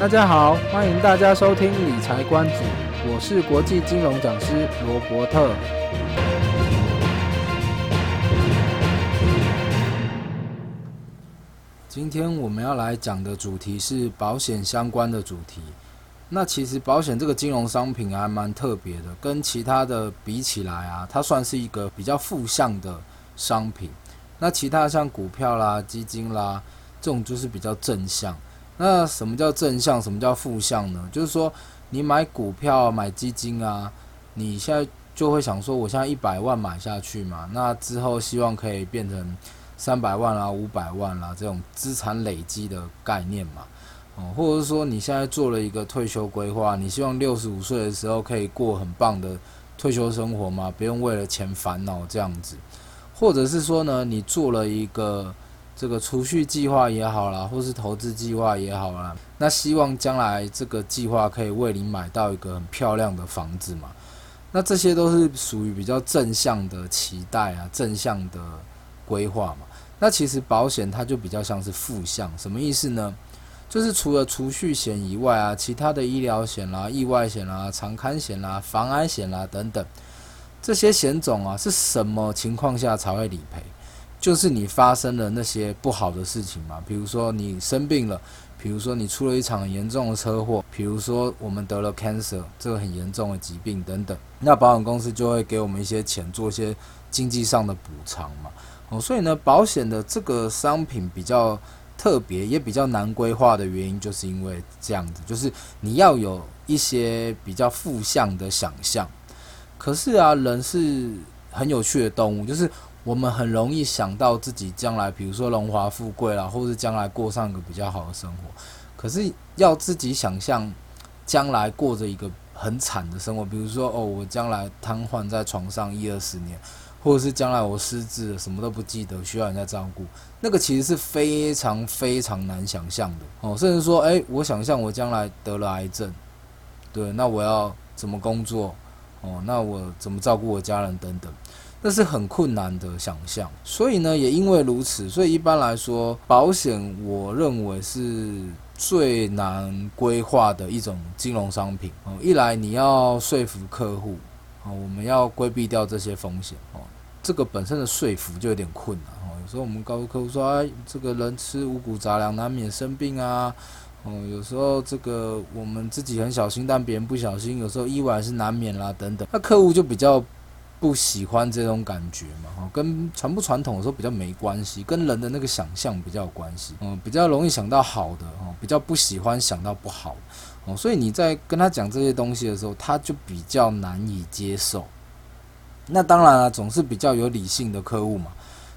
大家好，歡迎大家收聽理財觀注，我是國際金融講師羅伯特。今天我們要來講的主題是保險相關的主題。那其實保險這個金融商品還蠻特別的，跟其他的比起來啊，它算是一個比較負向的商品。那其他像股票啦、基金啦，這種就是比較正向。那什麼叫正向？什麼叫負向呢？就是說，你買股票，啊、買基金啊，你現在就會想說，我現在一百萬買下去嘛，那之後希望可以變成三百萬啦，啊、五百萬啦，啊、這種資產累積的概念嘛，哦、嗯，或者是說你現在做了一個退休規劃，你希望六十五歲的時候可以過很棒的退休生活嘛，不用為了錢煩惱這樣子，或者是說呢，你做了一個。這個儲蓄計劃也好啦，或是投資計劃也好啦。那希望將來這個計劃可以為您買到一個很漂亮的房子嘛。那這些都是屬於比較正向的期待啊，正向的規劃嘛。那其實保險它就比較像是負向，什麼意思呢？就是除了儲蓄險以外啊，其他的醫療險啦、啊、意外險啦、啊、長看險啦、啊、防癌險啦、啊、等等，這些險種啊，是什麼情況下才會理賠？就是你發生了那些不好的事情嘛，比如說你生病了，比如說你出了一場很嚴重的車禍，比如說我們得了 cancer 這個很嚴重的疾病等等，那保險公司就會給我們一些錢，做一些經濟上的補償嘛。哦，所以呢，保險的這個商品比較特別，也比較難規劃的原因，就是因為這樣子，就是你要有一些比較負向的想象。可是啊，人是很有趣的動物，就是。我們很容易想到自己將來，比如說榮華富貴啦，或者將來過上一個比較好的生活。可是要自己想象將來過着一個很慘的生活，比如說哦，我將來癱瘓在床上一二十年，或者是將來我失智了，什麼都不記得，需要人家照顧，那個其實是非常非常難想象的哦。甚至說，誒、欸，我想象我將來得了癌症，對，那我要怎麼工作？哦，那我怎麼照顧我家人等等。那是很困難的想象，所以呢，也因為如此，所以一般來說，保險我認為是最難規劃的一種金融商品哦。一來你要說服客戶哦，我們要規避掉這些風險哦，這個本身的說服就有點困難哦。有時候我們告訴客戶說，哎，這個人吃五谷雜糧難免生病啊，哦，有時候這個我們自己很小心，但別人不小心，有時候意外是難免啦，等等。那客戶就比較。不喜歡這種感覺嘛？哦，跟傳不傳統的時候比較沒關係，跟人的那個想象比較有關係。嗯，比較容易想到好的哦、嗯，比較不喜歡想到不好哦、嗯。所以你在跟他講這些東西的時候，他就比較難以接受。那當然了、啊，總是比較有理性的客戶嘛，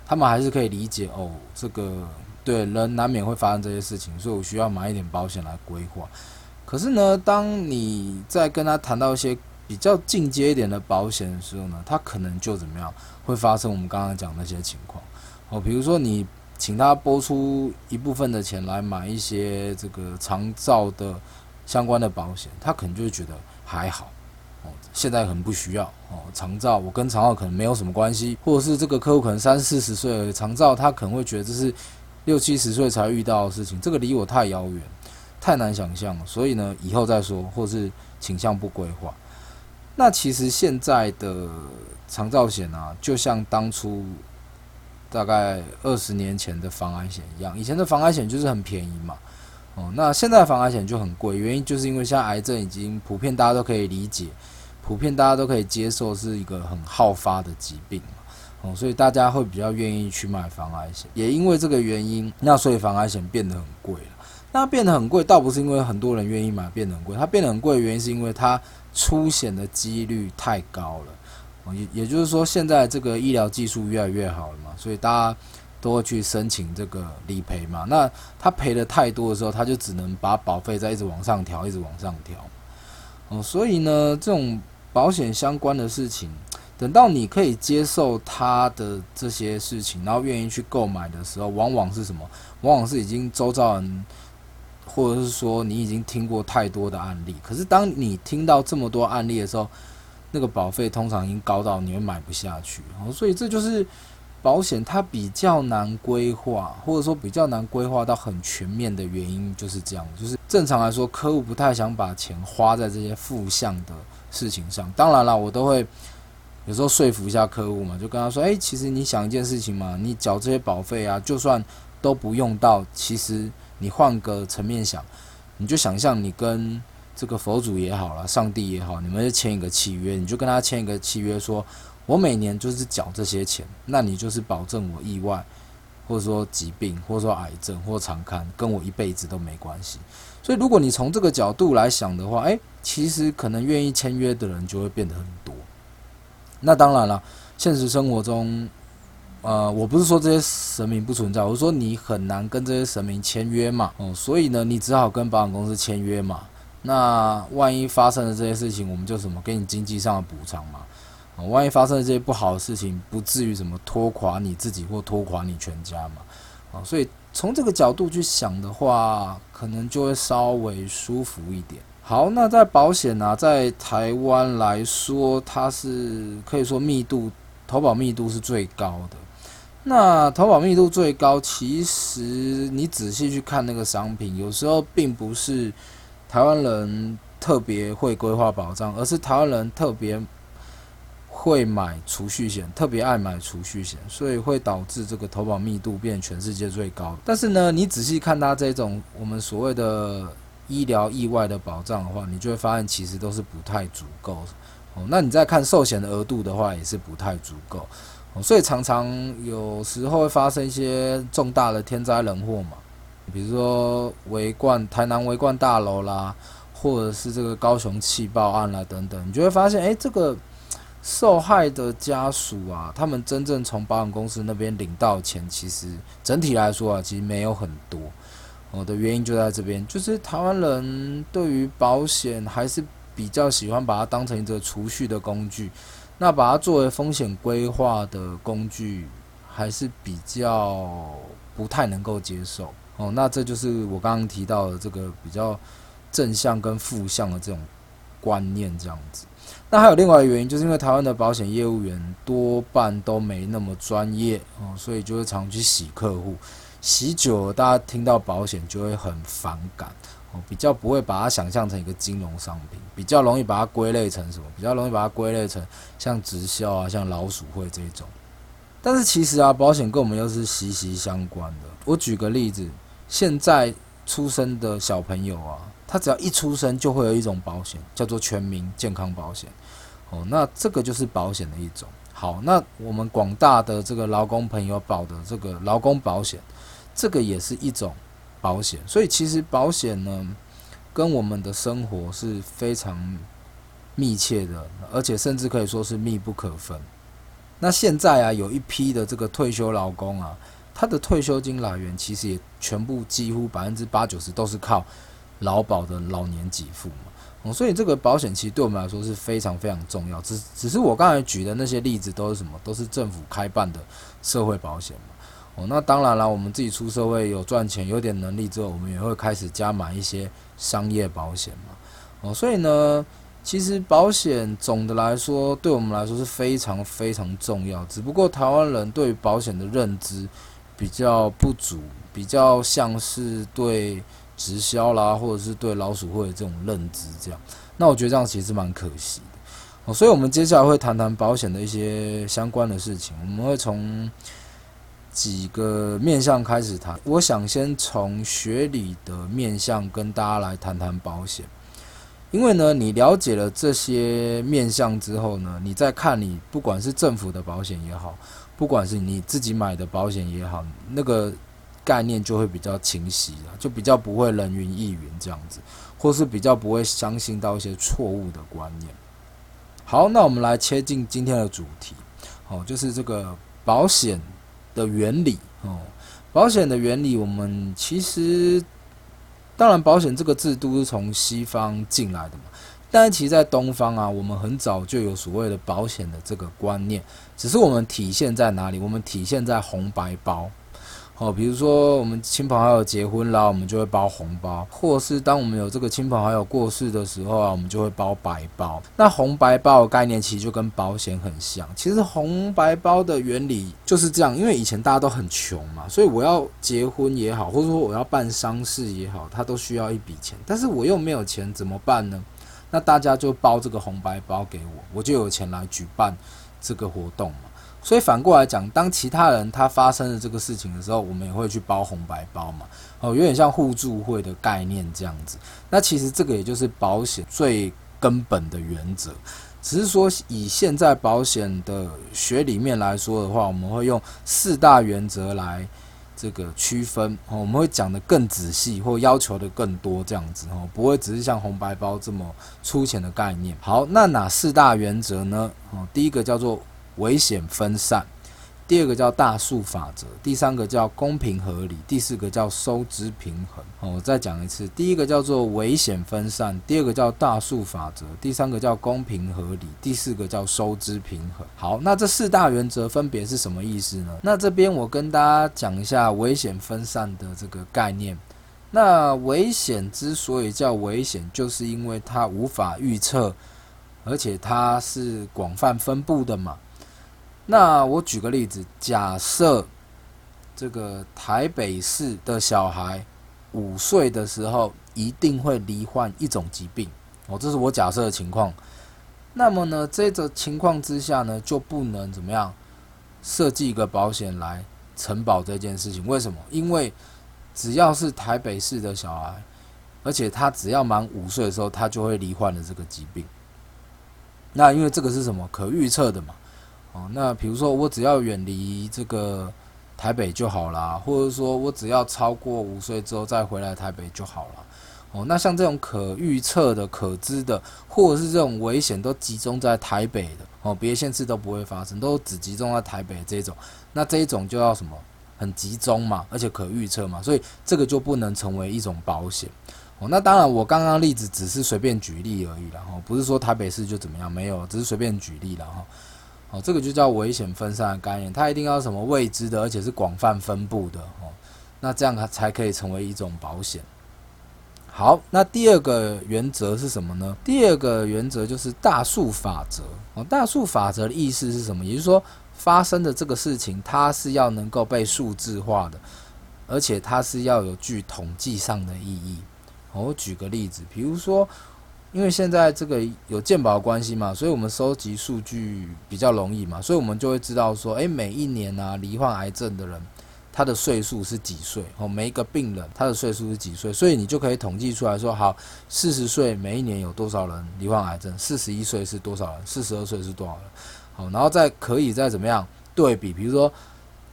他們還是可以理解哦。這個對人難免會發生這些事情，所以我需要買一點保險來規劃。可是呢，當你在跟他談到一些。比較進階一點的保險的時候呢，他可能就怎麼樣會發生我們剛剛講那些情況哦，比如說你請他撥出一部分的錢來買一些這個長照的相關的保險，他可能就會覺得還好哦，現在很不需要哦，長照我跟長照可能沒有什麼關係，或者是這個客戶可能三四十歲長照，他可能會覺得這是六七十歲才遇到的事情，這個離我太遙遠，太難想象了，所以呢，以後再說，或是傾向不規劃。那其實現在的長照險啊，就像當初大概二十年前的防癌險一樣，以前的防癌險就是很便宜嘛。哦，那現在防癌險就很貴，原因就是因為現在癌症已經普遍，大家都可以理解，普遍大家都可以接受，是一個很好發的疾病嘛。哦，所以大家會比較願意去買防癌險，也因為這個原因，那所以防癌險變得很貴了。那變得很貴，倒不是因為很多人願意買變得很貴，它變得很貴的原因是因為它。出險的幾率太高了，也也就是說，現在這個醫療技術越來越好了嘛，所以大家都會去申請這個理賠嘛。那他賠的太多的時候，他就只能把保費再一直往上調，一直往上調。嗯，所以呢，這種保險相關的事情，等到你可以接受他的這些事情，然後願意去購買的時候，往往是什麼？往往是已經周遭人。或者是說你已經聽過太多的案例，可是當你聽到這麼多案例的時候，那個保費通常已經高到你會買不下去，所以這就是保險它比較難規劃，或者說比較難規劃到很全面的原因，就是這樣。就是正常來說，客戶不太想把錢花在這些負向的事情上。當然了，我都會有時候說服一下客戶嘛，就跟他說：“欸，其實你想一件事情嘛，你繳這些保費啊，就算都不用到，其實。”你換個層面想，你就想象你跟這個佛祖也好了，上帝也好，你們就簽一個契約，你就跟他簽一個契約，說，我每年就是繳這些錢，那你就是保證我意外，或者說疾病，或者說癌症或長看，跟我一輩子都沒關係。所以，如果你從這個角度來想的話，誒、欸，其實可能願意簽約的人就會變得很多。那當然了，現實生活中。呃，我不是說這些神明不存在，我是說你很難跟這些神明簽約嘛，哦、嗯，所以呢，你只好跟保險公司簽約嘛。那萬一發生了這些事情，我們就什麼給你經濟上的補償嘛，啊、嗯，萬一發生了這些不好的事情，不至於什麼拖垮你自己或拖垮你全家嘛，啊、嗯，所以從這個角度去想的話，可能就會稍微舒服一點。好，那在保險呢、啊，在台灣來說，它是可以說密度，投保密度是最高的。那投保密度最高，其實你仔細去看那個商品，有時候並不是台灣人特別會規劃保障，而是台灣人特別會買儲蓄險，特別愛買儲蓄險，所以會導致這個投保密度變全世界最高。但是呢，你仔細看他這種我們所謂的醫療意外的保障的話，你就會發現其實都是不太足夠。哦，那你再看壽險的額度的話，也是不太足夠。所以常常有時候會發生一些重大的天災人禍嘛，比如說維冠，台南維冠大樓啦，或者是這個高雄氣爆案啦等等，你就會發現，誒，這個受害的家屬啊，他們真正從保險公司那邊領到錢，其實整體來說啊，其實沒有很多。我的原因就在這邊，就是台灣人對於保險還是比較喜歡把它當成一個儲蓄的工具。那把它作為風險規劃的工具，還是比較不太能夠接受哦。那這就是我剛剛提到的這個比較正向跟負向的這種觀念這樣子。那還有另外一個原因，就是因為台灣的保險業務員多半都沒那麼專業哦，所以就會常去洗客戶，洗久了，大家聽到保險就會很反感。比較不會把它想象成一個金融商品，比較容易把它歸類成什麼？比較容易把它歸類成像直銷啊、像老鼠會這一種。但是其實啊，保險跟我們又是息息相關的。我舉個例子，現在出生的小朋友啊，他只要一出生就會有一種保險，叫做全民健康保險。哦，那這個就是保險的一種。好，那我們廣大的這個勞工朋友保的這個勞工保險，這個也是一種。保險，所以其實保險呢，跟我們的生活是非常密切的，而且甚至可以說是密不可分。那現在啊，有一批的這個退休勞工啊，他的退休金來源其實也全部幾乎百分之八九十都是靠勞保的老年給付嘛。嗯，所以這個保險其實對我們來說是非常非常重要。只是，只是我剛才舉的那些例子都是什麼，都是政府開辦的社會保險。哦，那當然啦。我們自己出社會有賺錢，有點能力之後，我們也會開始加買一些商業保險嘛。哦，所以呢，其實保險總的來說對我們來說是非常非常重要，只不過台灣人對於保險的認知比較不足，比較像是對直銷啦，或者是對老鼠會的這種認知這樣。那我覺得這樣其實蠻可惜的。哦，所以我們接下來會談談保險的一些相關的事情，我們會從。幾個面向開始談，我想先從學理的面向跟大家來談談保險，因為呢，你了解了這些面向之後呢，你再看你不管是政府的保險也好，不管是你自己買的保險也好，那個概念就會比較清晰了，就比較不會人云亦云這樣子，或是比較不會相信到一些錯誤的觀念。好，那我們來切進今天的主題，好，哦，就是這個保險。的原理哦，保險的原理，哦、原理我們其實當然保險這個制度是從西方進來的嘛，但其實，在東方啊，我們很早就有所謂的保險的這個觀念，只是我們體現在哪裡？我們體現在紅白包。哦，比如說我們親朋好友結婚啦，我們就會包紅包；或是當我們有這個親朋好友過世的時候啊，我們就會包白包。那紅白包的概念其實就跟保險很像。其實紅白包的原理就是這樣，因為以前大家都很窮嘛，所以我要結婚也好，或者說我要辦喪事也好，它都需要一筆錢，但是我又沒有錢怎麼辦呢？那大家就包這個紅白包給我，我就有錢來舉辦這個活動嘛。所以反過來講，當其他人他發生了這個事情的時候，我們也會去包紅白包嘛，哦，有點像互助會的概念這樣子。那其實這個也就是保險最根本的原則，只是說以現在保險的學理面來說的話，我們會用四大原則來這個區分，哦，我們會講得更仔細，或要求得更多這樣子，哦，不會只是像紅白包這麼粗淺的概念。好，那哪四大原則呢？哦，第一個叫做，危險分散，第二個叫大數法則，第三個叫公平合理，第四個叫收支平衡。好，我再講一次，第一個叫做危險分散，第二個叫大數法則，第三個叫公平合理，第四個叫收支平衡。好，那這四大原則分別是什麼意思呢？那這邊我跟大家講一下危險分散的這個概念。那危險之所以叫危險，就是因為它無法預測，而且它是廣泛分布的嘛。那我舉個例子，假設這個台北市的小孩五歲的時候一定會罹患一種疾病哦，這是我假設的情況。那麼呢，這種情況之下呢，就不能怎麼樣設計一個保險來承保這件事情？為什麼？因為只要是台北市的小孩，而且他只要滿五歲的時候，他就會罹患了這個疾病。那因為這個是什麼？可預測的嘛。哦，那比如說，我只要遠離這個台北就好啦，或者說我只要超過五歲之後再回來台北就好了。哦，那像這種可預測的、可知的，或者是這種危險都集中在台北的，哦，別的縣市都不會發生，都只集中在台北這一種，那這一種就要什麼？很集中嘛，而且可預測嘛，所以這個就不能成為一種保險。哦，那當然，我剛剛例子只是隨便舉例而已啦。然後不是說台北市就怎麼樣，沒有，只是隨便舉例啦。然後。哦，這個就叫危險分散的概念。它一定要什麼未知的，而且是廣泛分布的哦，那這樣它才可以成為一種保險。好，那第二個原則是什麼呢？第二個原則就是大數法則哦。大數法則的意思是什麼？也就是說，發生的這個事情，它是要能夠被數字化的，而且它是要有具統計上的意義。我舉個例子，比如說。因為現在這個有健保關係嘛，所以我們收集數據比較容易嘛，所以我們就會知道說，誒，每一年啊罹患癌症的人，他的歲數是幾歲？哦，每一個病人他的歲數是幾歲？所以你就可以統計出來說，好，四十歲每一年有多少人罹患癌症？四十一歲是多少人？四十二歲是多少人？好，然後再可以再怎麼樣對比，比如說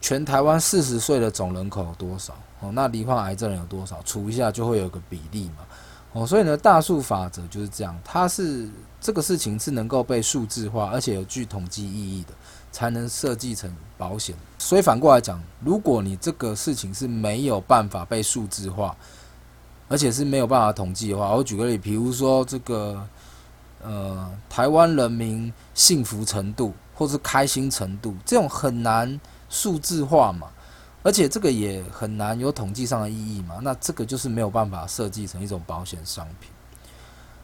全台灣四十歲的總人口有多少？哦，那罹患癌症人有多少？除一下就會有個比例嘛。哦，所以呢，大數法則就是這樣，它是這個事情是能夠被數字化，而且有具統計意義的，才能設計成保險。所以反過來講，如果你這個事情是沒有辦法被數字化，而且是沒有辦法統計的話，我舉個例，比如說這個，呃，台灣人民幸福程度或是開心程度，這種很難數字化嘛。而且這個也很難有統計上的意義嘛，那這個就是沒有辦法設計成一種保險商品。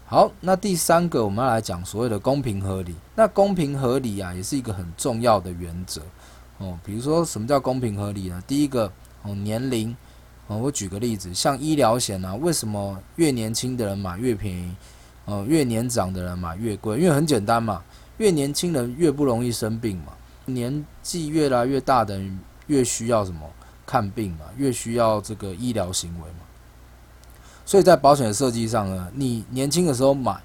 好，那第三個我們要來講所謂的公平合理。那公平合理啊，也是一個很重要的原則哦。比如說什麼叫公平合理呢？第一個哦，年齡哦，我舉個例子，像醫療險呢，為什麼越年輕的人買越便宜，哦，越年長的人買越貴？因為很簡單嘛，越年輕人越不容易生病嘛，年紀越來越大的人，越需要什麼看病嘛，越需要這個醫療行為嘛。所以在保險的設計上呢，你年輕的時候買，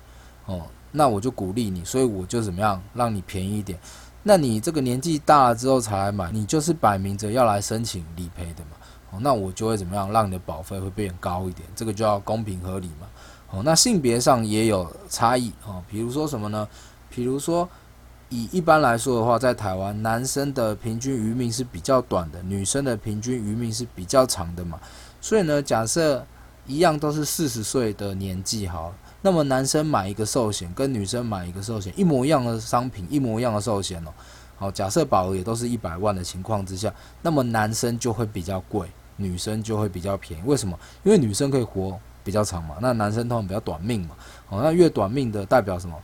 哦，那我就鼓勵你，所以我就怎麼樣讓你便宜一點。那你這個年紀大了之後才來買，你就是擺明着要來申請理賠的嘛。哦，那我就會怎麼樣讓你的保費會變高一點，這個就要公平合理嘛。哦，那性別上也有差異哦。比如說什麼呢？比如說。以一般來說的話，在台灣男生的平均餘命是比較短的，女生的平均餘命是比較長的嘛。所以呢，假設一樣都是四十歲的年紀，好了，那麼男生買一個壽險跟女生買一個壽險一模一樣的商品，一模一樣的壽險哦、喔。好，假設保額也都是一百萬的情況之下，那麼男生就會比較貴，女生就會比較便宜。為什麼？因為女生可以活比較長嘛，那男生通常比較短命嘛。好，那越短命的代表什麼？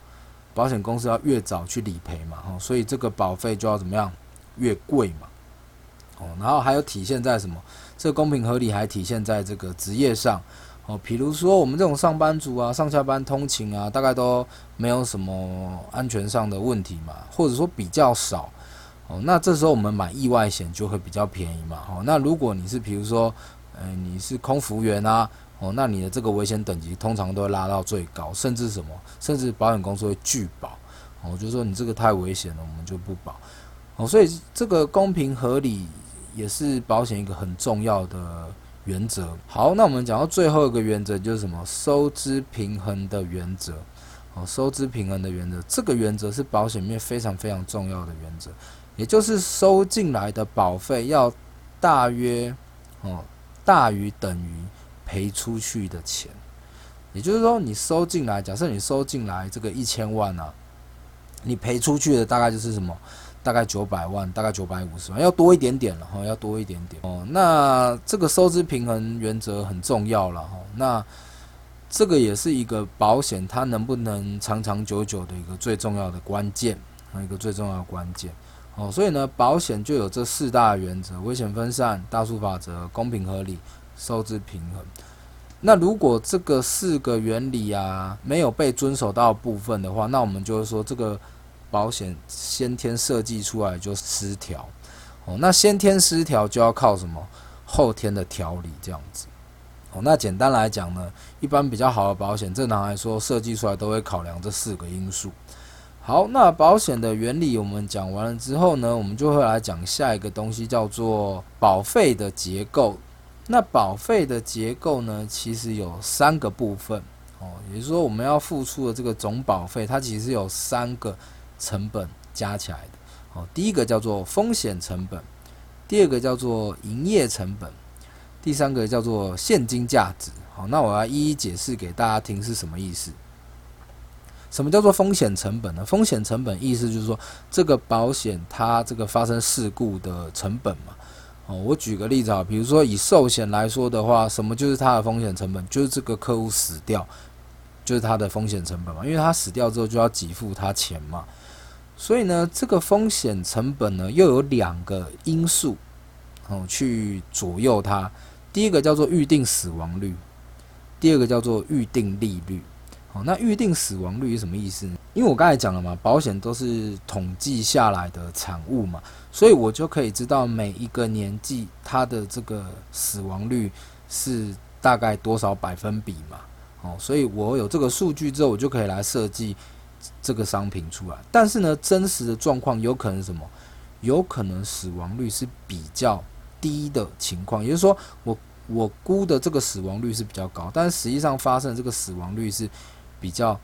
保險公司要越早去理賠嘛，吼，所以這個保費就要怎麼樣，越貴嘛，哦，然後還有體現在什麼？這個公平合理還體現在這個職業上，哦，比如說我們這種上班族啊，上下班通勤啊，大概都沒有什麼安全上的問題嘛，或者說比較少，哦，那這時候我們買意外險就會比較便宜嘛，吼，那如果你是比如說，嗯，你是空服員啊。哦，那你的這個危險等級通常都會拉到最高，甚至什麼？甚至保險公司會拒保。哦，就說你這個太危險了，我們就不保。哦，所以這個公平合理也是保險一個很重要的原則。好，那我們講到最後一個原則就是什麼？收支平衡的原則。哦，收支平衡的原則，這個原則是保險裡面非常非常重要的原則。也就是收進來的保費要大約哦大於等於。賠出去的錢，也就是說，你收進來，假設你收進來這個一千萬啊，你賠出去的大概就是什麼？大概九百萬，大概九百五十萬，要多一點點了哈，要多一點點哦。那這個收支平衡原則很重要了哈。那這個也是一個保險它能不能長長久久的一個最重要的關鍵，一個最重要的關鍵哦。所以呢，保險就有這四大原則：危險分散、大數法則、公平合理。收支平衡。那如果這個四個原理啊沒有被遵守到的部分的話，那我們就是說這個保險先天設計出來就失調。哦，那先天失調就要靠什麼？後天的調理這樣子。哦，那簡單來講呢，一般比較好的保險，正常來說設計出來都會考量這四個因素。好，那保險的原理我們講完了之後呢，我們就會來講下一個東西，叫做保費的結構。那保費的結構呢，其實有三個部分哦，也就是說我們要付出的這個總保費，它其實有三個成本加起來的。哦，第一個叫做風險成本，第二個叫做營業成本，第三個叫做現金價值。好，那我要一一解釋給大家聽是什麼意思。什麼叫做風險成本呢？風險成本意思就是說，這個保險它這個發生事故的成本嘛。哦，我舉個例子啊，比如說以壽險來說的話，什麼就是它的風險成本，就是這個客戶死掉，就是它的風險成本嘛，因為他死掉之後就要給付他錢嘛，所以呢，這個風險成本呢又有兩個因素，哦去左右它，第一個叫做預定死亡率，第二個叫做預定利率。那預定死亡率是什麼意思呢？因為我剛才講了嘛，保險都是統計下來的產物嘛，所以我就可以知道每一個年紀它的這個死亡率是大概多少百分比嘛。哦，所以我有這個數據之後，我就可以來設計這個商品出來。但是呢，真實的狀況有可能是什麼？有可能死亡率是比較低的情況，也就是說我，我我估的這個死亡率是比較高，但實際上發生的這個死亡率是比較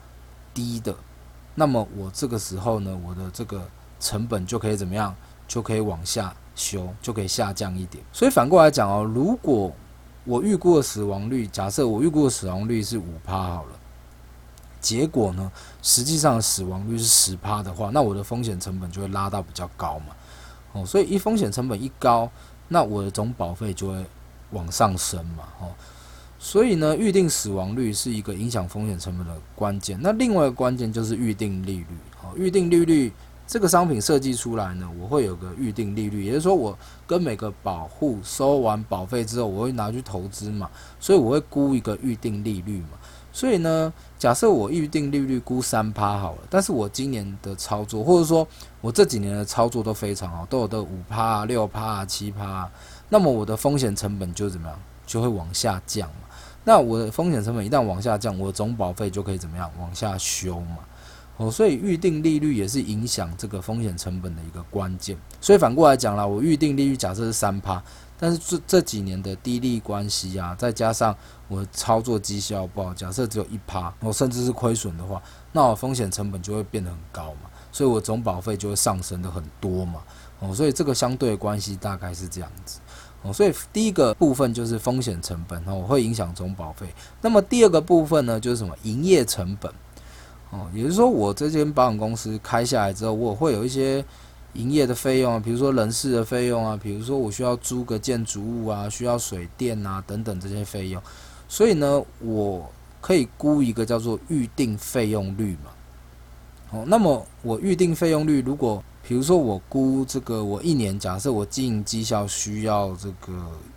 低的，那麼我這個時候呢，我的這個成本就可以怎麼樣？就可以往下修，就可以下降一點。所以反過來講哦，如果我預估的死亡率，假設我預估的死亡率是五趴好了，結果呢，實際上死亡率是十趴的話，那我的風險成本就會拉到比較高嘛。哦，所以一風險成本一高，那我的總保費就會往上升嘛。哦。所以呢，預定死亡率是一個影響風險成本的關鍵。那另外一個關鍵就是預定利率。好，預定利率這個商品設計出來呢，我會有個預定利率，也就是說，我跟每個保戶收完保費之後，我會拿去投資嘛，所以我會估一個預定利率嘛。所以呢，假設我預定利率估三趴好了，但是我今年的操作，或者說我這幾年的操作都非常好，都有的五趴、六趴啊、七趴、啊啊，那麼我的風險成本就怎麼樣，就會往下降嘛。那我的風險成本一旦往下降，我的總保費就可以怎麼樣往下修嘛？哦，所以預定利率也是影響這個風險成本的一個關鍵。所以反過來講啦，我預定利率假設是三趴，但是這這幾年的低利關係啊，再加上我操作績效不好，假設只有一趴，我、哦、甚至是虧損的話，那我風險成本就會變得很高嘛？所以我總保費就會上升的很多嘛？哦，所以這個相對的關係大概是這樣子。所以第一個部分就是風險成本，我會影響總保費。那麼第二個部分呢，就是什麼營業成本哦，也就是說我這間保險公司開下來之後，我會有一些營業的費用啊，比如說人事的費用啊，比如說我需要租個建築物啊，需要水電啊等等這些費用。所以呢，我可以估一個叫做預定費用率嘛。哦，那麼我預定費用率如果比如說，我估這個，我一年假設我經營績效需要這個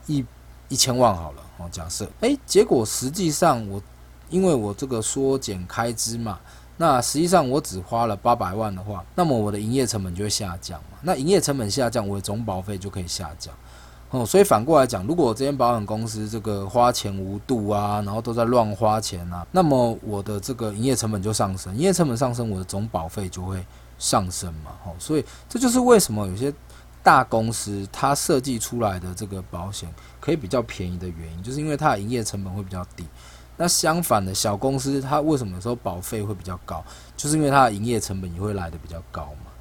一一千萬好了哦。假設，誒，結果實際上我因為我這個縮減開支嘛，那實際上我只花了八百萬的話，那麼我的營業成本就會下降嘛。那營業成本下降，我的總保費就可以下降哦、嗯。所以反過來講，如果我這間保險公司這個花錢無度啊，然後都在亂花錢啊，那麼我的這個營業成本就上升，營業成本上升，我的總保費就會上升嘛，哦，所以這就是為什麼有些大公司它設計出來的這個保險可以比較便宜的原因，就是因為它的營業成本會比較低。那相反的小公司，它為什麼有時候保費會比較高？就是因為它的營業成本也會來的比較高嘛。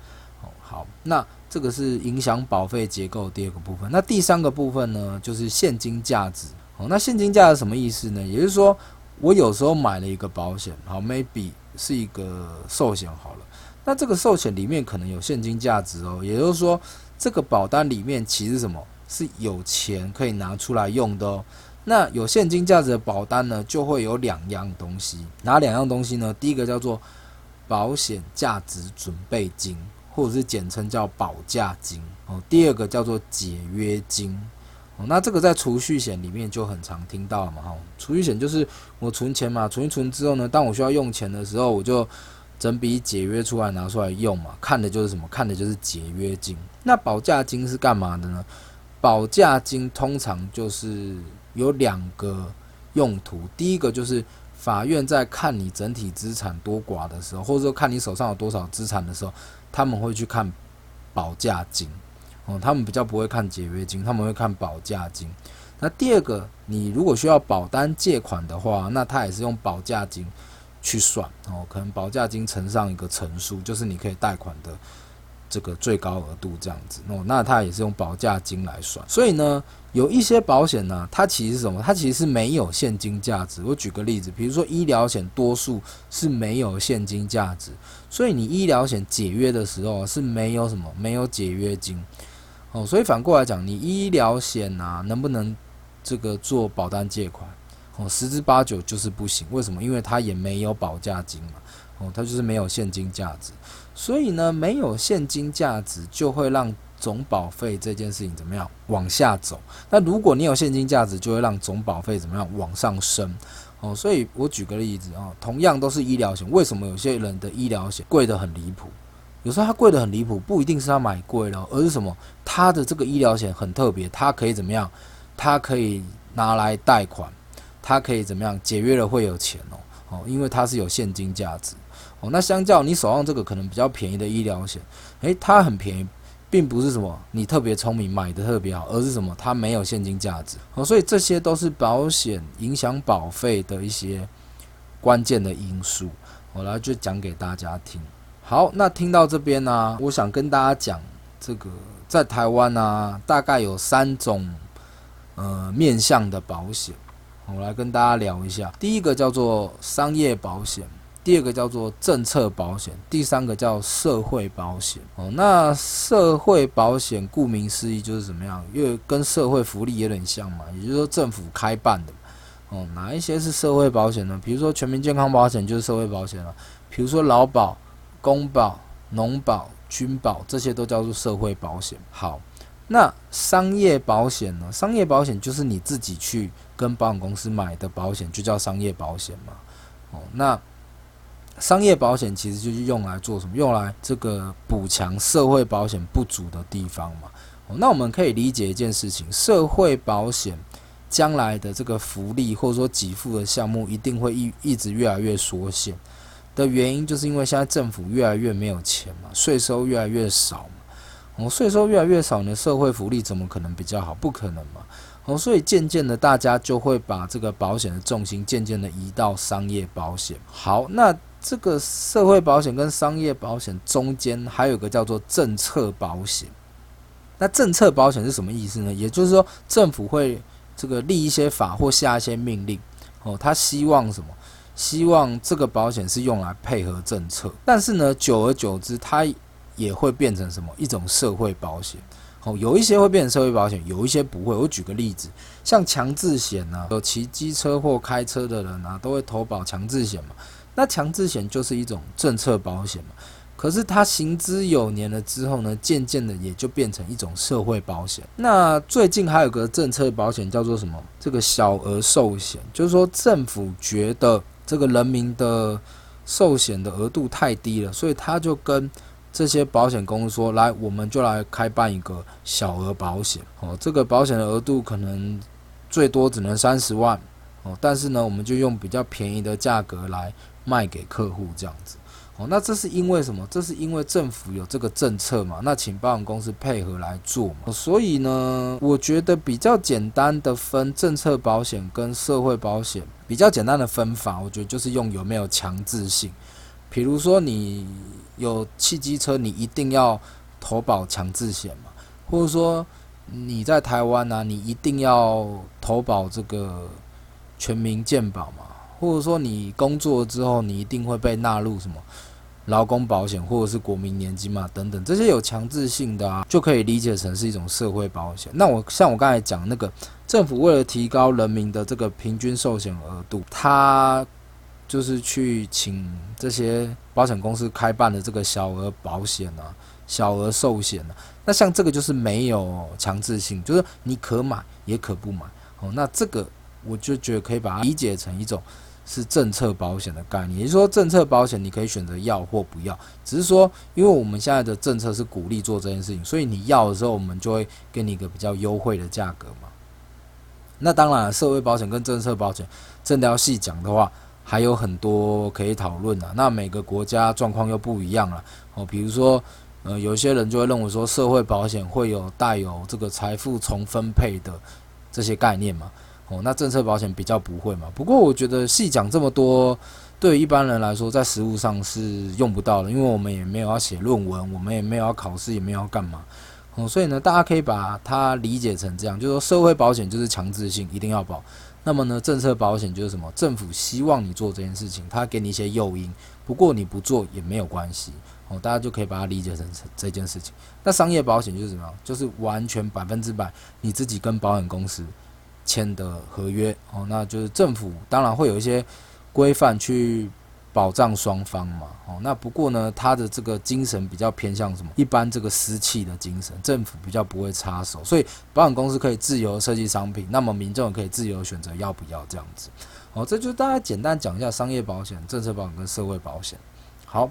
哦，好，那這個是影響保費結構的第二個部分。那第三個部分呢，就是現金價值。哦，那現金價值什麼意思呢？也就是說，我有時候買了一個保險，好，maybe 是一個壽險好了。那這個壽險裡面可能有現金價值哦，也就是說這個保單裡面其實什麼是有錢可以拿出來用的哦。那有現金價值的保單呢，就會有兩樣東西，哪兩樣東西呢？第一個叫做保險價值準備金，或者是簡稱叫保價金哦。第二個叫做解約金哦。那這個在儲蓄險裡面就很常聽到了嘛，哈，儲蓄險就是我存錢嘛，存一存之後呢，當我需要用錢的時候，我就。整筆解約出來拿出來用嘛？看的就是什麼？看的就是解約金。那保價金是幹嘛的呢？保價金通常就是有兩個用途。第一個就是法院在看你整體資產多寡的時候，或者說看你手上有多少資產的時候，他們會去看保價金。哦，他們比較不會看解約金，他們會看保價金。那第二個，你如果需要保單借款的話，那他也是用保價金。去算哦，可能保價金乘上一個乘數，就是你可以貸款的這個最高額度這樣子哦。那它也是用保價金來算。所以呢，有一些保險呢、啊，它其實是什麼？它其實是沒有現金價值。我舉個例子，比如說醫療險，多數是沒有現金價值。所以你醫療險解約的時候是沒有什麼，沒有解約金哦。所以反過來講，你醫療險啊，能不能這個做保單借款？哦，十之八九就是不行，為什麼？因為它也沒有保價金嘛，哦，它就是沒有現金價值，所以呢，沒有現金價值就會讓總保費這件事情怎麼樣往下走。那如果你有現金價值，就會讓總保費怎麼樣往上升。哦，所以我舉個例子啊，哦，同樣都是醫療險，為什麼有些人的醫療險貴得很離譜？有時候它貴得很離譜，不一定是他買貴了，而是什麼？他的這個醫療險很特別，它可以怎麼樣？它可以拿來貸款。它可以怎麼樣節約了會有錢哦、喔、哦，因為它是有現金價值哦、喔。那相較你手上這個可能比較便宜的醫療險，誒、欸，它很便宜，並不是什麼你特別聰明買的特別好，而是什麼它沒有現金價值哦、喔。所以這些都是保險影響保費的一些關鍵的因素。我來就講給大家聽。好，那聽到這邊呢、啊，我想跟大家講這個在台灣呢、啊，大概有三種呃面向的保險。我來跟大家聊一下，第一個叫做商業保險，第二個叫做政策保險，第三個叫社會保險。哦，那社會保險顧名思義就是怎麼樣？因為跟社會福利有點像嘛，也就是說政府開辦的。哦，哪一些是社會保險呢？比如說全民健康保險就是社會保險了。比如說勞保、公保、農保、軍保，這些都叫做社會保險。好，那商業保險呢？商業保險就是你自己去。跟保險公司買的保險就叫商業保險嘛，哦，那商業保險其實就是用來做什麼？用來這個補強社會保險不足的地方嘛。哦，那我們可以理解一件事情：社會保險將來的這個福利或者說給付的項目一定會一一直越來越縮限。的原因就是因為現在政府越來越沒有錢嘛，稅收越來越少嘛，哦，稅收越來越少，呢，你的社會福利怎麼可能比較好？不可能嘛。哦，所以漸漸的，大家就會把這個保險的重心漸漸的移到商業保險。好，那這個社會保險跟商業保險中間還有一個叫做政策保險。那政策保險是什麼意思呢？也就是說，政府會這個立一些法或下一些命令，哦，他希望什麼？希望這個保險是用來配合政策。但是呢，久而久之，它也會變成什麼？一種社會保險。哦、有一些會變成社會保險，有一些不會。我舉個例子，像強制險呢、啊，有騎機車或開車的人呢、啊，都會投保強制險嘛。那強制險就是一種政策保險嘛。可是它行之有年了之後呢，漸漸的也就變成一種社會保險。那最近還有個政策保險叫做什麼？這個小額壽險，就是說政府覺得這個人民的壽險的額度太低了，所以他就跟這些保險公司說：“來，我們就來開辦一個小額保險哦。這個保險的額度可能最多只能三十萬哦，但是呢，我們就用比較便宜的價格來賣給客戶這樣子哦。那這是因為什麼？這是因為政府有這個政策嘛。那請保險公司配合來做嘛，哦。所以呢，我覺得比較簡單的分政策保險跟社會保險比較簡單的分法，我覺得就是用有沒有強制性。”比如說，你有汽機車，你一定要投保強制險嘛？或者說你在台灣呢，你一定要投保這個全民健保嘛？或者說你工作之後，你一定會被納入什麼勞工保險或者是國民年金嘛？等等，這些有強制性的啊，就可以理解成是一種社會保險。那我像我剛才講那個政府為了提高人民的這個平均壽險額度，它，就是去請這些保險公司開辦的這個小額保險啊、小額壽險啊，那像這個就是沒有強制性，就是你可買也可不買。好，那這個我就覺得可以把它理解成一種是政策保險的概念，也就是說政策保險你可以選擇要或不要，只是說因為我們現在的政策是鼓勵做這件事情，所以你要的時候我們就會給你一個比較優惠的價格嘛。那當然，社會保險跟政策保險，真的要細講的話。還有很多可以討論的，那每個國家狀況又不一樣了哦。比如說，呃，有些人就會認為說，社會保險會有帶有這個財富重分配的這些概念嘛？哦，那政策保險比較不會嘛？不過我覺得細講這麼多，對一般人來說，在實務上是用不到的，因為我們也沒有要寫論文，我們也沒有要考試，也沒有要幹嘛。哦，所以呢，大家可以把它理解成這樣，就是說社會保險就是強制性，一定要保。那麼呢，政策保險就是什麼？政府希望你做這件事情，他給你一些誘因，不過你不做也沒有關係哦，大家就可以把它理解成這件事情。那商業保險就是什麼？就是完全百分之百你自己跟保險公司簽的合約哦，那就是政府當然會有一些規範去。保障雙方嘛，哦，那不過呢，他的這個精神比較偏向什麼？一般這個私企的精神，政府比較不會插手，所以保險公司可以自由設計商品，那麼民眾也可以自由選擇要不要這樣子。好，哦，這就大家簡單講一下商業保險、政策保險跟社會保險。好，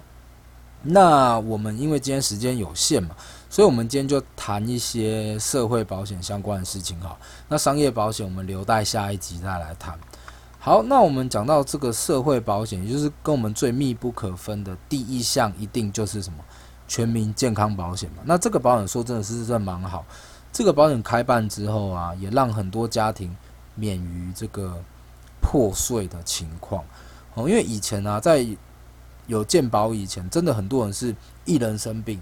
那我們因為今天時間有限嘛，所以我們今天就談一些社會保險相關的事情哈。那商業保險我們留待下一集再來談。好，那我們講到這個社會保險，也就是跟我們最密不可分的第一項，一定就是什麼？全民健康保險嘛。那這個保險說真的是算蠻好，這個保險開辦之後啊，也讓很多家庭免於這個破碎的情況。哦，因為以前啊，在有健保以前，真的很多人是一人生病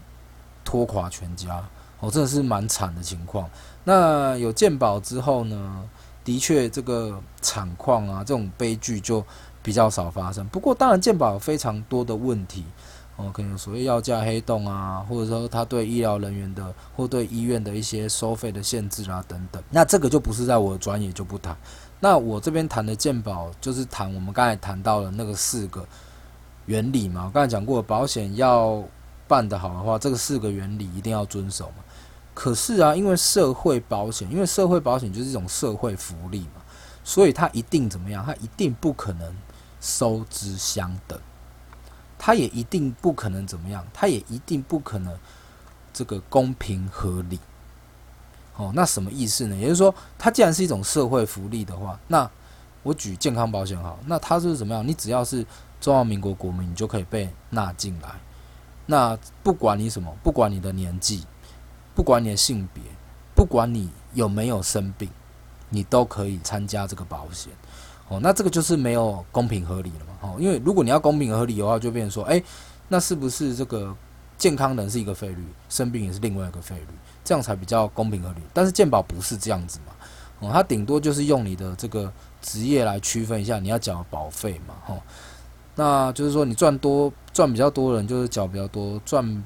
拖垮全家，哦，真的是蠻慘的情況。那有健保之後呢？的確，這個慘況啊，這種悲劇就比較少發生。不過，當然，健保有非常多的問題，哦，可能所謂藥價黑洞啊，或者說他對醫療人員的或對醫院的一些收費的限制啊，等等。那這個就不是在我的專業，就不談。那我這邊談的健保，就是談我們剛才談到了那個四個原理嘛。我剛才講過，保險要辦得好的話，這個四個原理一定要遵守嘛。可是啊，因為社會保險，因為社會保險就是一種社會福利嘛，所以它一定怎麼樣？它一定不可能收支相等，它也一定不可能怎麼樣？它也一定不可能這個公平合理。哦，那什麼意思呢？也就是說，它既然是一種社會福利的話，那我舉健康保險好，那它是怎麼樣？你只要是中華民國國民，你就可以被納進來。那不管你什麼，不管你的年紀。不管你的性別，不管你有沒有生病，你都可以參加這個保險，哦，那這個就是沒有公平合理了嘛，哦，因為如果你要公平合理的話，就變成說，誒，那是不是這個健康人是一個費率，生病也是另外一個費率，這樣才比較公平合理？但是健保不是這樣子嘛，哦，它頂多就是用你的這個職業來區分一下，你要繳保費嘛，哦，那就是說你賺多賺比較多的人就是繳比較多，賺。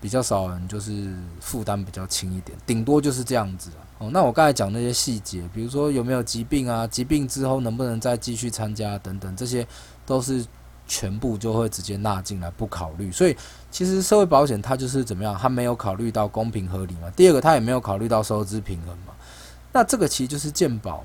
比較少人，就是負擔比較輕一點，頂多就是這樣子啊。哦，那我剛才講那些細節，比如說有沒有疾病啊，疾病之後能不能再繼續參加等等，這些都是全部就會直接納進來不考慮。所以其實社會保險它就是怎麼樣，它沒有考慮到公平合理嘛。第二個，它也沒有考慮到收支平衡嘛。那這個其實就是健保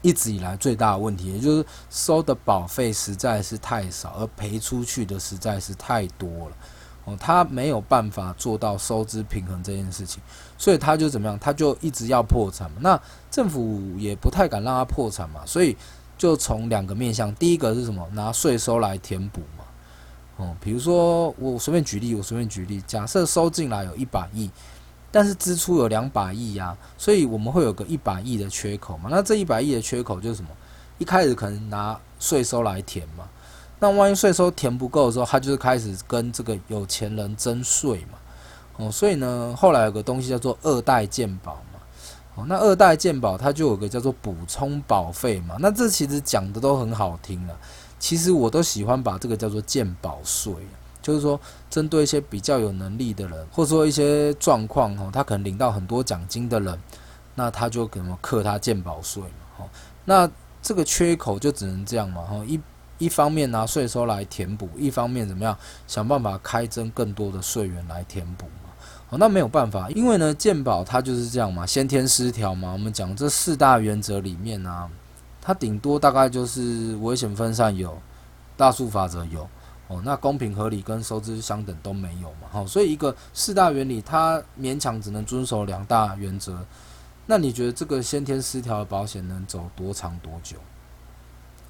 一直以來最大的問題，也就是收的保費實在是太少，而賠出去的實在是太多了。哦，他沒有辦法做到收支平衡這件事情，所以他就怎麼樣？他就一直要破產嘛。那政府也不太敢讓他破產嘛，所以就從兩個面向。第一個是什麼？拿稅收來填補嘛。哦，比如說我隨便舉例，我隨便舉例，假設收進來有一百億，但是支出有兩百億啊，所以我們會有個一百億的缺口嘛。那這一百億的缺口就是什麼？一開始可能拿稅收來填嘛。那萬一稅收填不夠的時候，他就是開始跟這個有錢人徵稅嘛，哦，所以呢，後來有個東西叫做二代健保嘛，哦，那二代健保它就有個叫做補充保費嘛，那這其實講的都很好聽了，其實我都喜歡把這個叫做健保稅，就是說針對一些比較有能力的人，或者說一些狀況哦，他可能領到很多獎金的人，那他就可能課他健保稅嘛，哦，那這個缺口就只能這樣嘛，哦一。一方面拿稅收來填補，一方面怎麼樣想辦法開徵更多的稅源來填補嘛。哦，那沒有辦法，因為呢，健保它就是這樣嘛，先天失調嘛。我們講這四大原則裡面呢、啊，它頂多大概就是危險分散有，大數法則有，哦，那公平合理跟收支相等都沒有嘛。哦，所以一個四大原理，它勉強只能遵守兩大原則。那你覺得這個先天失調的保險能走多長多久？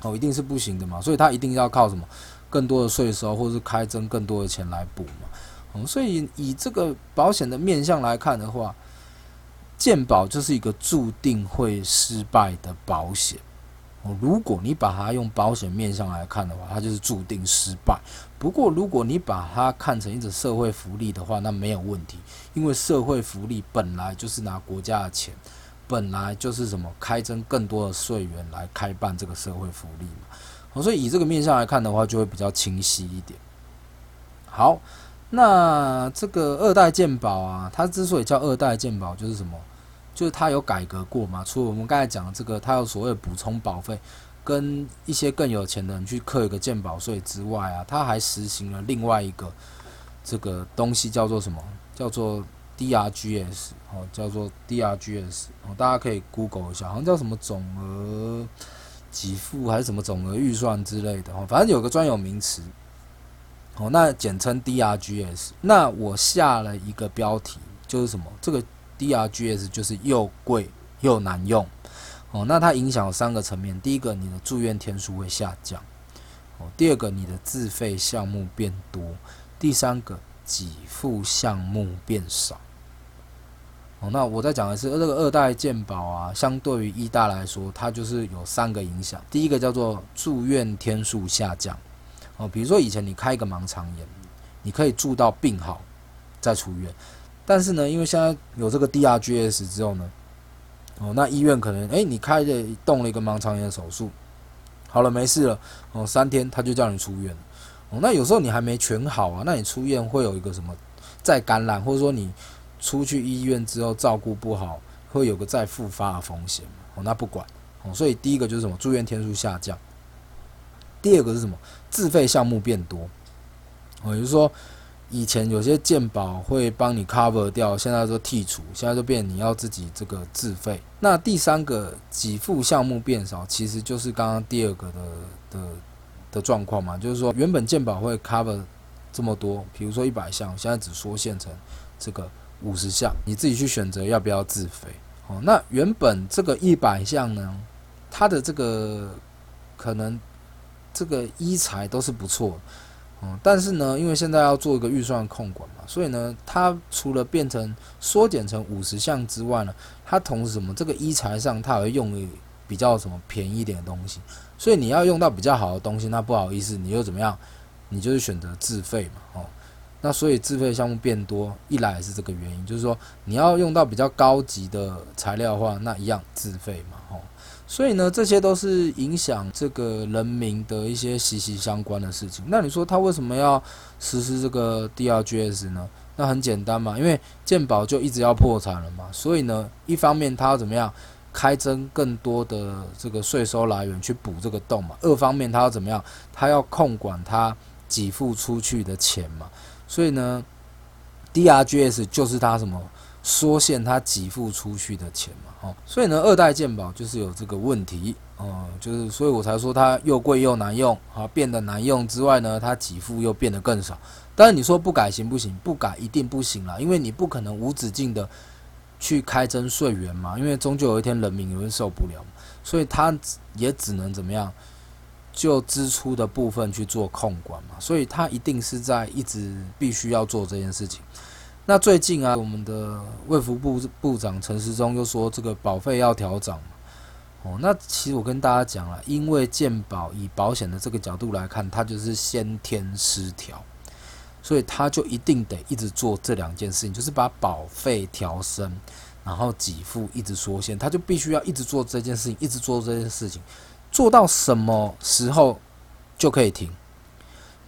哦，一定是不行的嘛，所以他一定要靠什麼更多的稅收，或者是開徵更多的錢來補嘛。所以以這個保險的面向來看的話，健保就是一個注定會失敗的保險。哦，如果你把它用保險面向來看的話，它就是注定失敗。不過，如果你把它看成一種社會福利的話，那沒有問題，因為社會福利本來就是拿國家的錢。本來就是什麼開徵更多的稅源來開辦這個社會福利嘛，哦，所以以這個面向來看的話，就會比較清晰一點。好，那這個二代健保啊，它之所以叫二代健保，就是什麼？就是它有改革過嘛，除了我們剛才講的這個，它有所謂補充保費，跟一些更有錢的人去課一個健保稅之外啊，它還實行了另外一個這個東西叫做什麼？叫做。DRGS 哦，叫做 DRGS 哦，大家可以 Google 一下，好像叫什麼總額給付還是什麼總額預算之類的哦，反正有個專有名詞哦。那簡稱 DRGS，那我下了一個標題就是什麼？這個 DRGS 就是又貴又難用哦。那它影響三個層面：第一個，你的住院天數會下降哦；第二個，你的自費項目變多；第三個，給付項目變少。那我再講的是，這個二代健保啊，相對於一代來說，它就是有三個影響。第一個叫做住院天數下降。哦，比如說以前你開一個盲腸炎，你可以住到病好再出院，但是呢，因為現在有這個 DRGs 之後呢，哦，那醫院可能，誒，你開的動了一個盲腸炎手術，好了沒事了，哦，三天他就叫你出院。哦，那有時候你還沒全好啊，那你出院會有一個什麼再感染，或者說你。出去醫院之後照顧不好，會有個再復發的風險。哦，那不管。哦，所以第一個就是什麼住院天數下降，第二個是什麼自費項目變多。哦，也就是說以前有些健保會幫你 cover 掉，現在說剔除，現在就變你要自己這個自費。那第三個給付項目變少，其實就是剛剛第二個的的的狀況嘛，就是說原本健保會 cover 這麼多，比如說一百項，現在只縮線成這個。五十項，你自己去選擇要不要自費，哦。那原本這個一百項呢，它的這個可能這個醫材都是不錯，嗯，哦，但是呢，因為現在要做一個預算控管嘛，所以呢，它除了變成縮減成五十項之外呢，它同時什麼這個醫材上它也會用比較什麼便宜一點的東西，所以你要用到比較好的東西，那不好意思，你又怎麼樣？你就是選擇自費嘛，哦。那所以自費項目變多，一來是這個原因，就是說你要用到比較高級的材料的話，那一樣自費嘛，吼。所以呢，這些都是影響這個人民的一些息息相關的事情。那你說他為什麼要實施這個 DRGs 呢？那很簡單嘛，因為健保就一直要破產了嘛。所以呢，一方面他要怎麼樣開徵更多的這個稅收來源去補這個洞嘛；二方面他要怎麼樣，他要控管他給付出去的錢嘛。所以呢，DRGS 就是它什麼縮限它給付出去的錢嘛，哦，所以呢，二代健保就是有這個問題，嗯、呃，就是所以我才說它又貴又難用啊，變得難用之外呢，它給付又變得更少。但是你說不改行不行？不改一定不行啦，因為你不可能無止境的去開徵稅源嘛，因為終究有一天人民永遠受不了，所以它也只能怎麼樣？就支出的部分去做控管嘛，所以他一定是在一直必須要做這件事情。那最近啊，我們的衛福部部長陳時中又說這個保費要調漲嘛。哦，那其實我跟大家講了，因為健保以保險的這個角度來看，它就是先天失調，所以他就一定得一直做這兩件事情，就是把保費調升，然後給付一直縮限，他就必須要一直做這件事情，一直做這件事情。做到什麼時候就可以停？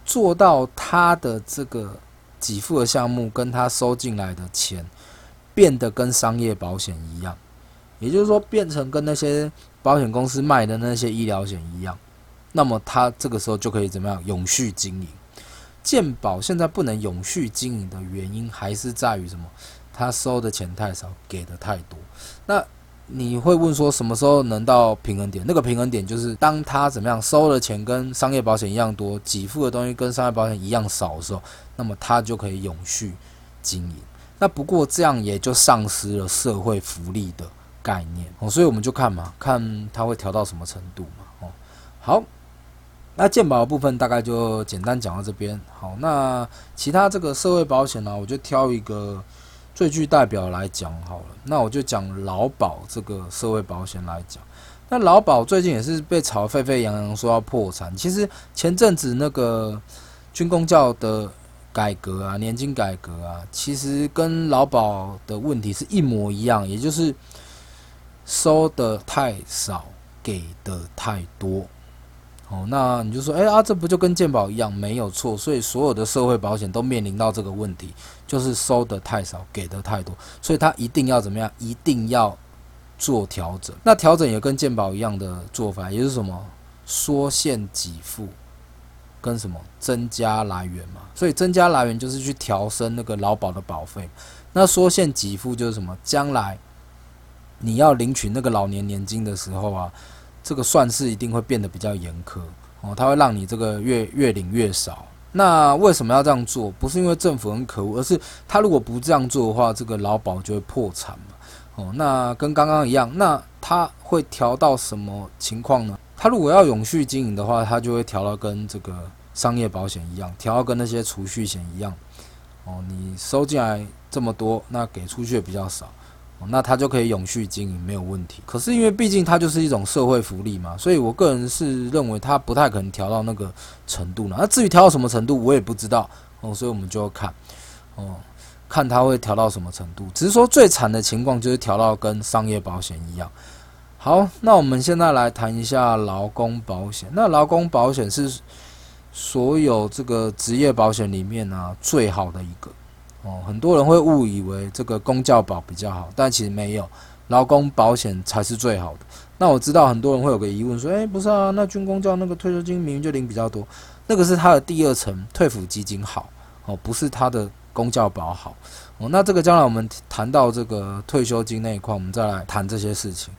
做到他的這個給付的項目跟他收進來的錢變得跟商業保險一樣，也就是說變成跟那些保險公司賣的那些醫療險一樣，那麼他這個時候就可以怎麼樣？永續經營。健保現在不能永續經營的原因還是在於什麼？他收的錢太少，給的太多。那你會問說什麼時候能到平衡點？那個平衡點就是當他怎麼樣，收的錢跟商業保險一樣多，給付的東西跟商業保險一樣少的時候，那麼他就可以永續經營。那不過這樣也就喪失了社會福利的概念哦，所以我們就看嘛，看它會調到什麼程度嘛。哦，好，那健保的部分大概就簡單講到這邊。好，那其他這個社會保險呢、啊，我就挑一個。最具代表來講好了，那我就講勞保這個社會保險來講。那勞保最近也是被炒得沸沸揚揚，說要破產。其實前陣子那個軍公教的改革啊、年金改革啊，其實跟勞保的問題是一模一樣，也就是收的太少，給的太多。哦，那你就說，哎、欸、啊，這不就跟健保一樣沒有錯，所以所有的社會保險都面臨到這個問題，就是收的太少，給的太多，所以他一定要怎麼樣？一定要做調整。那調整也跟健保一樣的做法，也就是什麼？縮限給付跟什麼增加來源嘛？所以增加來源就是去調升那個勞保的保費，那縮限給付就是什麼？將來你要領取那個老年年金的時候啊。這個算式一定會變得比較嚴苛哦，它會讓你這個越越領越少。那為什麼要這樣做？不是因為政府很可惡，而是它如果不這樣做的話，這個勞保就會破產嘛。哦，那跟剛剛一樣，那它會調到什麼情況呢？它如果要永續經營的話，它就會調到跟這個商業保險一樣，調到跟那些儲蓄險一樣。哦，你收進來這麼多，那給出去的比較少。那它就可以永續經營，沒有問題。可是因為畢竟它就是一種社會福利嘛，所以我個人是認為它不太可能調到那個程度呢。那至於調到什麼程度，我也不知道哦，所以我們就要看哦，看它會調到什麼程度。只是說最慘的情況就是調到跟商業保險一樣。好，那我們現在來談一下勞工保險。那勞工保險是所有這個職業保險裡面呢，啊，最好的一個。哦，很多人會誤以為這個公教保比較好，但其實沒有，勞工保險才是最好的。那我知道很多人會有個疑問，說：“哎、欸，不是啊，那軍公教那個退休金明明就領比較多，那個是他的第二層退撫基金好哦，不是他的公教保好哦。”那這個將來我們談到這個退休金那一塊，我們再來談這些事情、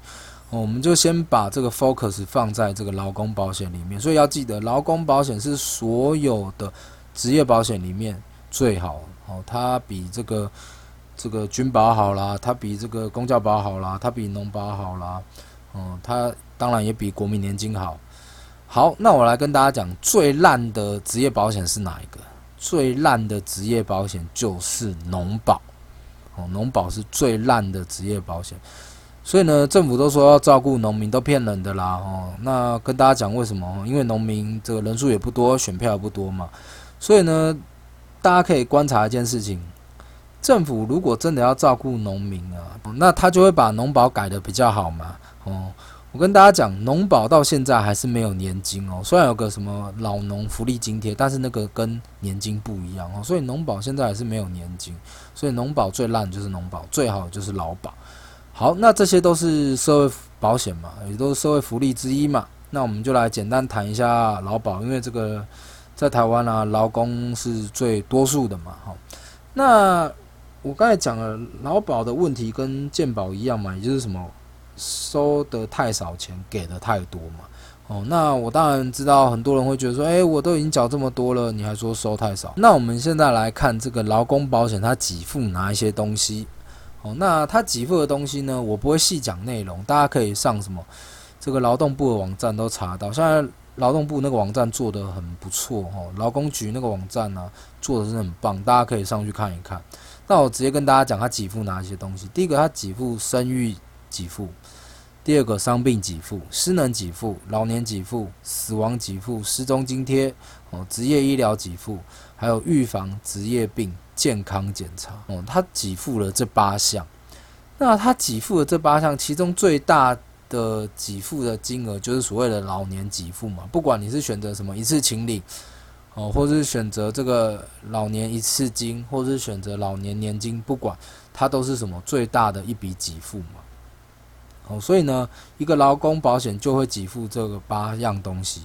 哦。我們就先把這個 focus 放在這個勞工保險裡面，所以要記得，勞工保險是所有的職業保險裡面最好。哦，它比這個這個軍保好啦，它比這個公教保好啦，它比農保好啦。嗯，它當然也比國民年金好。好，那我來跟大家講最爛的職業保險是哪一個？最爛的職業保險就是農保，哦，農保是最爛的職業保險。所以呢，政府都說要照顧農民，都騙人的啦，哦，那跟大家講為什麼？因為農民這個人數也不多，選票也不多嘛，所以呢。大家可以觀察一件事情，政府如果真的要照顧農民啊，那他就會把農保改得比較好嘛。哦，我跟大家講，農保到現在還是沒有年金哦，雖然有個什麼老農福利津貼，但是那個跟年金不一樣哦，所以農保現在還是沒有年金。所以農保最爛就是農保，最好就是勞保。好，那這些都是社會保險嘛，也都是社會福利之一嘛。那我們就來簡單談一下勞保，因為這個。在台灣啊，勞工是最多數的嘛，哈。那我剛才講了勞保的問題跟健保一樣嘛，也就是什麼收得太少，錢給得太多嘛。哦，那我當然知道很多人會覺得說，誒、欸，我都已經繳這麼多了，你還說收太少？那我們現在來看這個勞工保險，它給付哪一些東西？哦，那它給付的東西呢，我不會細講內容，大家可以上什麼這個勞動部的網站都查到。現在勞動部那個網站做得很不錯哦，勞工局那個網站呢、啊、做得真的很棒，大家可以上去看一看。那我直接跟大家講，他給付哪些東西？第一個，他給付生育給付；第二個，傷病給付、失能給付、老年給付、死亡給付、失蹤津貼哦、職業醫療給付，還有預防職業病健康檢查哦。他給付了這八項，那他給付的這八項，其中最大。的給付的金額就是所謂的老年給付嘛，不管你是選擇什麼一次請領哦，或者是選擇這個老年一次金，或者是選擇老年年金，不管它都是什麼最大的一筆給付嘛。哦，所以呢，一個勞工保險就會給付這個八樣東西。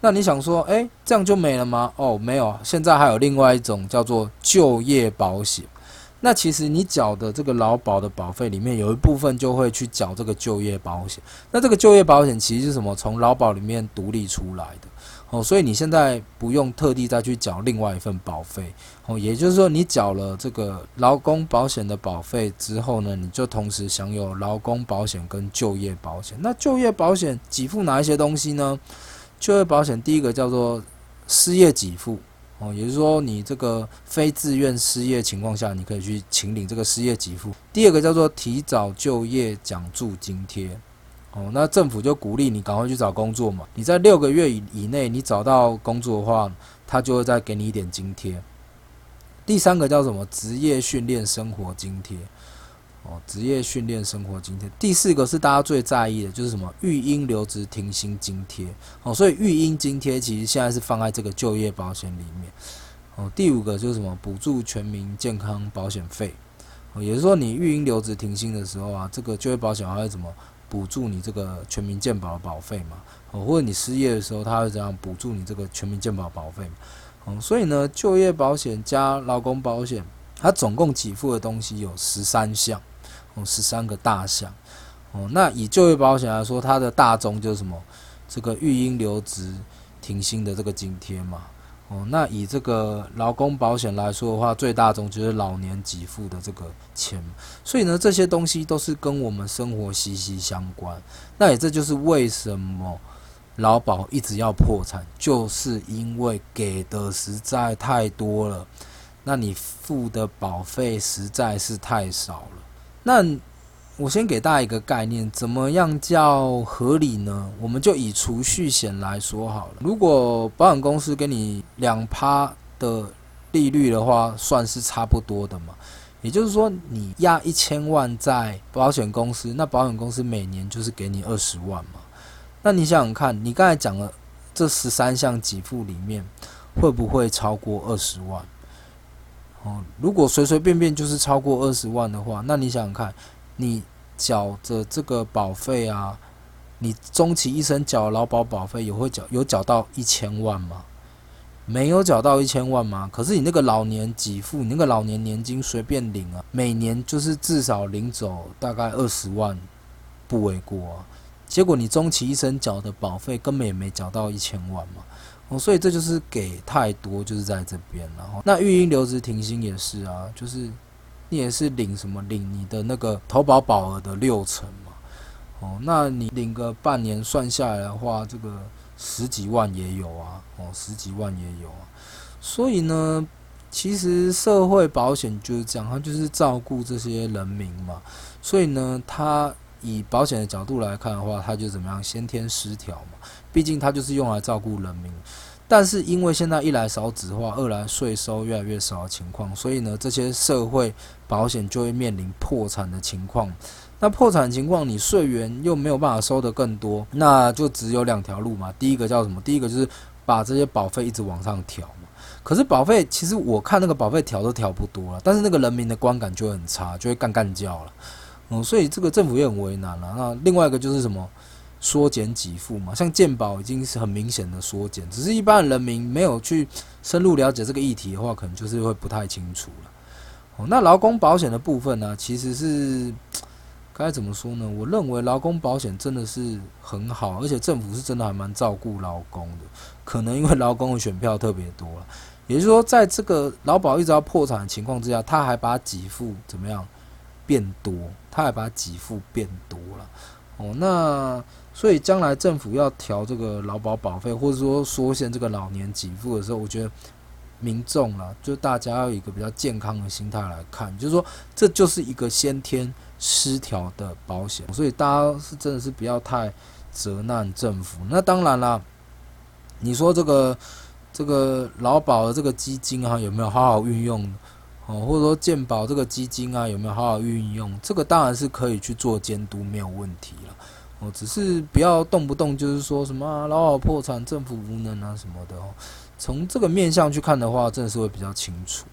那你想說，誒、欸，這樣就沒了嗎？哦，沒有啊，現在還有另外一種叫做就業保險。那其實你繳的這個勞保的保費裡面有一部分就會去繳這個就業保險。那這個就業保險其實是什麼？從勞保裡面獨立出來的哦，所以你現在不用特地再去繳另外一份保費哦。也就是說，你繳了這個勞工保險的保費之後呢，你就同時享有勞工保險跟就業保險。那就業保險給付哪一些東西呢？就業保險第一個叫做失業給付。哦，也就是說，你這個非自願失業情況下，你可以去請領這個失業給付。第二個叫做提早就業獎助津貼，哦，那政府就鼓勵你趕快去找工作嘛。你在六個月以以內，你找到工作的話，他就會再給你一點津貼。第三個叫什麼？職業訓練生活津貼。職業訓練生活津貼，第四個是大家最在意的，就是什麼？育嬰留職停薪津貼。哦，所以育嬰津貼其實現在是放在這個就業保險裡面。哦，第五個就是什麼？補助全民健康保險費。哦，也就是說你育嬰留職停薪的時候啊，這個就業保險會怎麼補助你這個全民健保的保費嘛？哦，或者你失業的時候，它會怎樣補助你這個全民健保保費。哦，所以呢，就業保險加勞工保險，它總共給付的東西有十三項。十三、哦、個大項，哦，那以就業保險來說，它的大宗就是什麼？這個育嬰留職停薪的這個津貼嘛，哦，那以這個勞工保險來說的話，最大宗就是老年給付的這個錢。所以呢，這些東西都是跟我們生活息息相關。那也這就是為什麼勞保一直要破產，就是因為給的實在太多了，那你付的保費實在是太少了。那我先給大家一個概念，怎麼樣叫合理呢？我們就以儲蓄險來說好了。如果保險公司給你兩趴的利率的話，算是差不多的嘛。也就是說，你押一千萬在保險公司，那保險公司每年就是給你二十萬嘛。那你想想看，你剛才講的這十三項給付裡面，會不會超過二十萬？如果隨隨便便就是超過二十萬的話，那你想想看，你繳的這個保費啊，你終其一生繳勞保保費，也會繳有繳到一千萬嗎？沒有繳到一千萬嗎？可是你那個老年給付，你那個老年年金隨便領啊，每年就是至少領走大概二十萬，不為過啊。結果你終其一生繳的保費根本也沒繳到一千萬嘛。哦，所以這就是給太多，就是在這邊然後，那育嬰留職停薪也是啊，就是你也是領什麼領你的那個投保保額的六成嘛。哦，那你領個半年，算下來的話，這個十幾萬也有啊。哦，十幾萬也有啊。所以呢，其實社會保險就是這樣，它就是照顧這些人民嘛。所以呢，它。以保險的角度來看的話，它就怎麼樣先天失調嘛？畢竟它就是用來照顧人民，但是因為現在一來少子化，二來稅收越來越少的情況，所以呢，這些社會保險就會面臨破產的情況。那破產情況，你稅源又沒有辦法收得更多，那就只有兩條路嘛。第一個叫什麼？第一個就是把這些保費一直往上調嘛。可是保費，其實我看那個保費調都調不多了，但是那個人民的觀感就很差，就會幹干叫了。哦，所以這個政府也很為難了、啊。那另外一個就是什麼縮減給付嘛，像健保已經是很明顯的縮減，只是一般人民沒有去深入了解這個議題的話，可能就是會不太清楚了。哦，那勞工保險的部分呢、啊，其實是該怎麼說呢？我認為勞工保險真的是很好，而且政府是真的還蠻照顧勞工的。可能因為勞工的選票特別多。也就是說，在這個勞保一直要破產的情況之下，他還把給付怎麼樣變多？怕把給付變多了，哦，那所以將來政府要調這個勞保保費，或者說縮限這個老年給付的時候，我覺得民眾啦，就大家要有一個比較健康的心態來看，就是說這就是一個先天失調的保險，所以大家是真的是不要太責難政府。那當然啦，你說這個這個勞保的這個基金啊，有沒有好好運用？哦，或者說健保這個基金啊，有沒有好好運用？這個當然是可以去做監督，沒有問題了。哦，只是不要動不動就是說什麼勞保破產、政府無能啊什麼的。哦，從這個面向去看的話，真的是會比較清楚。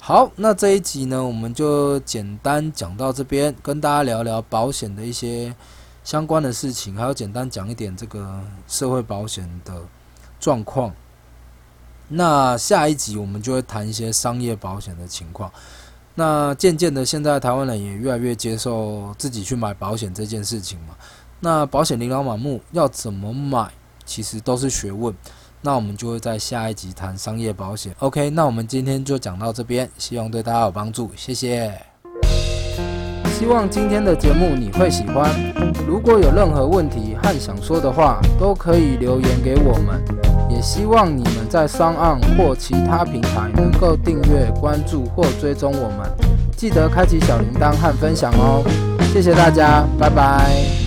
好，那這一集呢，我們就簡單講到這邊，跟大家聊聊保險的一些相關的事情，還有簡單講一點這個社會保險的狀況。那下一集我們就會談一些商業保險的情況。那漸漸的，現在台灣人也越來越接受自己去買保險這件事情嘛。那保險琳琅滿目，要怎麼買，其實都是學問。那我們就會在下一集談商業保險。OK，那我們今天就講到這邊，希望對大家有幫助，謝謝。希望今天的節目你會喜歡。如果有任何問題和想說的話，都可以留言給我們。也希望你們在 SoundOn 或其他平台能夠訂閱、關注或追蹤我們。記得開啟小鈴鐺和分享哦。謝謝大家，拜拜。